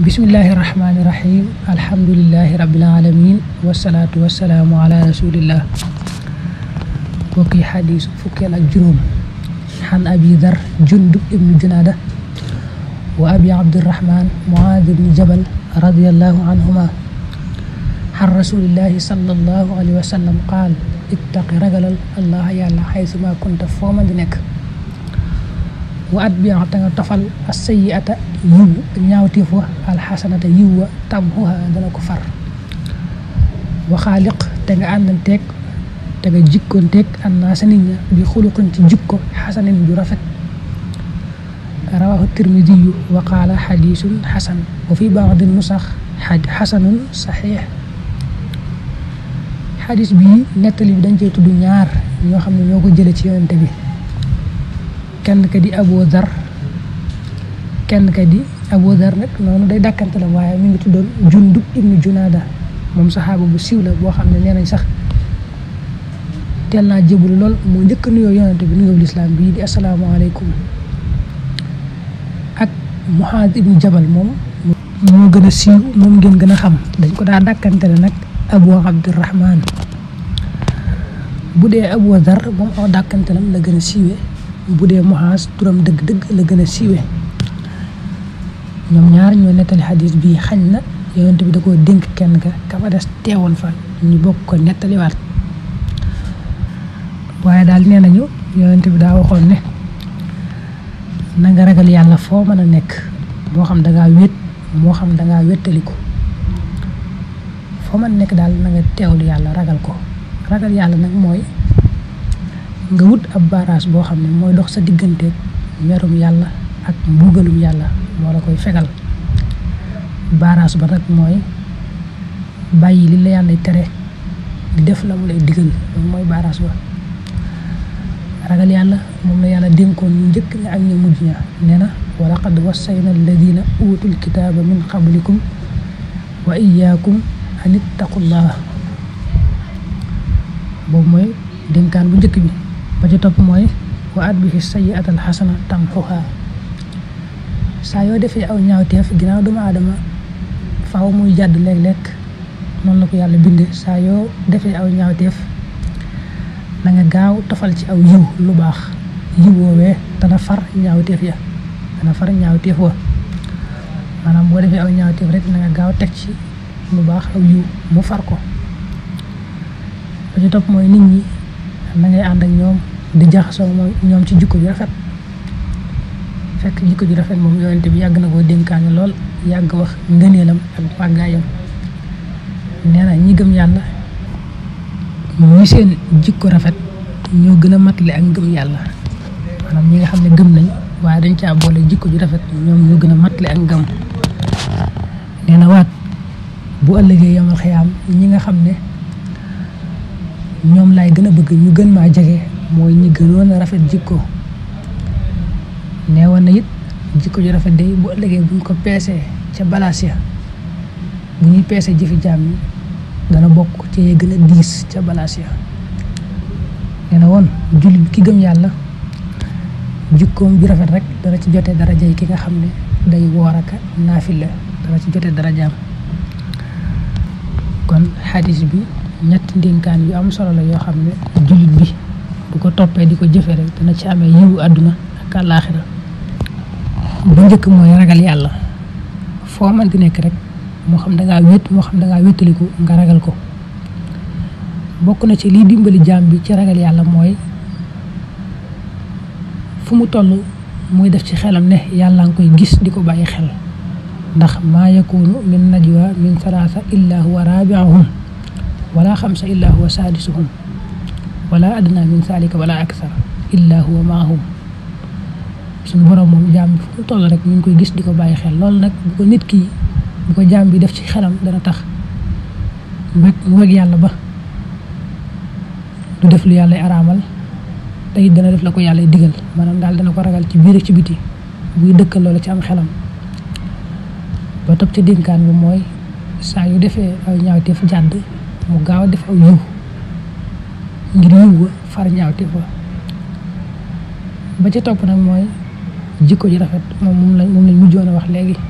بسم الله الرحمن الرحيم الحمد لله رب العالمين والصلاة والسلام على رسول الله وكي حديث فكي الجنوم عن أبي ذر جندب ابن جنادة وأبي عبد الرحمن معاذ بن جبل رضي الله عنهما عن رسول الله صلى الله عليه وسلم قال اتق رجل الله حيث حيثما كنت فوما دينك وأتبعهم حتى تفعل السيئة يو نياوتيفو الحسنة يو تمهوها دون كفر وخالق تنغ أندن تيك تنغ جيكو تيك الناس نينا بخلق تجيكو حسن جرفت رواه الترمذي وقال حديث حسن وفي بعض النسخ حد حسن صحيح حديث بي نتلي بدنجي تدو نيار ño xamne ñoko kenn ka di Abu Dar kenn ka di Abu Dar nak nonu day dàkkante la waye mi ngi tudon Jundub ibnu junada mom sahaba bu siw la bo xamne nenañ sax teel naa lol mo ñeuk nuyo bi nuyo l'islam bi di alaykum ak muhad ibnu Jabal mom mo gëna siw mom ngeen gën xam dañ ko da dàkkante la nak Abu abdurrahman bu abou Abu Dar moom aw dàkkantelam la gëna siwé bu dee Muaaz turam dëgg-dëgg la gën a siiwee ñoom ñaar ñoo nettali xadis bii xañ na yonent bi da koo dénk kenn ka ka fa des teewoon fa ñu bokk ko nettaliwaat waaye daal nee nañu yonent bi daa waxoon ne na nga ragal yàlla foo mën a nekk boo xam dangaa wét moo xam dangaa ko foo mën a nekk daal na nga teewlu yàlla ragal ko ragal yàlla nag mooy nga wut ab barrage boo xam ne mooy dox sa diggante merum yàlla ak mbugalum yàlla moo la koy fegal barrage ba nag mooy bàyyi li la yàlla tere di def la mu lay diggal loolu mooy barrage ba ragal yàlla moom la yàlla dénkoon ñu njëkk ña ak ñu mujj ña nee na wa laqad wassayna alladina utul kitaaba min qablikum wa iyaakum an ittaqullah boobu mooy dénkaan bu njëkk bi ba ci topp mooy wa at bihi sayyi'atan xasana tamxuha saa yoo defee aw ñaawteef ginnaaw doomu aadama faaw muy jàdd léeg-léeg noonu la ko yàlla bindee saa yoo defee aw ñaawteef na nga gaaw tofal ci aw lu baax yiw woowee dana ya dana far ñaawteef wa maanaam boo defee aw ñaawteef rek na nga gaaw teg ci lu baax yiw mu far ko ba ci topp mooy nit ñi na ngay ànd ñoom di jaxasoo mooy ñoom ci jikko ju rafet fekk jikko ju rafet moom yonent bi yàgg na koo dénkaane lool yàgg wax ngëneelam ak màggaayam nee na ñi gëm yàlla ñi seen jikko rafet ñoo gën a matale li ngëm yàlla maanaam nga xam ne gëm nañ waaye dañ caa boole jikko ju rafet ñoom ñoo gën a matale ak ngëm nee na waat bu ëllëgee yamal ñi nga xam ne ñoom laay gën a bëgg ñu gën maa jege moy ñi gënon rafet jikko neewon na yit jikko ju rafet day bu ëllëgé bu ko pécé ci balaas ya bu ñi pécé jëfi jamm yi dana bok ci ye gëna diis ci balaas ya nee na woon ki gëm yàlla jikkoom bi rafet rek dara ci jotté dara jey ki nga xamné day woor ak naafila dana ci dara jamm kon hadith bi ñett ndénkaan yu am solo la yo xamné ne bi bu ko toppee di ko jëfee rek dana ci amee yiwu àdduna ak àllaaxira bu njëkk mooy ragal yàlla foo mënti nekk rek moo xam da ngaa wét moo xam da ngaa nga ragal ko bokk na ci liy dimbali jaam bi ci ragal yàlla mooy fu mu toll muy def ci xelam ne yàlla nga koy gis di ko bàyyi xel ndax maa yakunu min najwa min salaasa illa huwa raabi'uhum wala xamsa illa huwa saadisuhum wala adna min saalika wala aksar illa huwa maahum suñu borom moom jaam bi fu toll rek ñu ngi koy gis di ko bàyyi xel loolu nag bu ko nit ki bu ko jaam bi def ci xelam dana tax bëgg mu bëgg yàlla ba du def lu yàlla araamal te it dana def la ko yàlla digal maanaam daal dana ko ragal ci biir ci biti buy dëkkal loolu ci am xelam ba topp ci dénkaan bi mooy saa yu defee aw ñaawteef jàdd mu gaaw def aw yiw ngir yiw far ñaawte fa ba ci topp nag mooy jikko ji rafet moom moom lañ moom lañ mujjoon a wax léegi